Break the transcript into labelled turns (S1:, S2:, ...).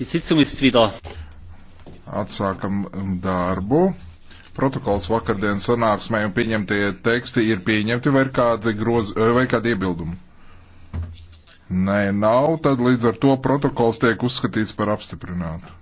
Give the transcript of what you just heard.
S1: Atsākam darbu. Protokols vakardienas sanāksmē un pieņemtie teksti ir pieņemti vai ir kādi, groz, vai kādi iebildumi? Nē, nav, tad līdz ar to protokols tiek uzskatīts par apstiprinātu.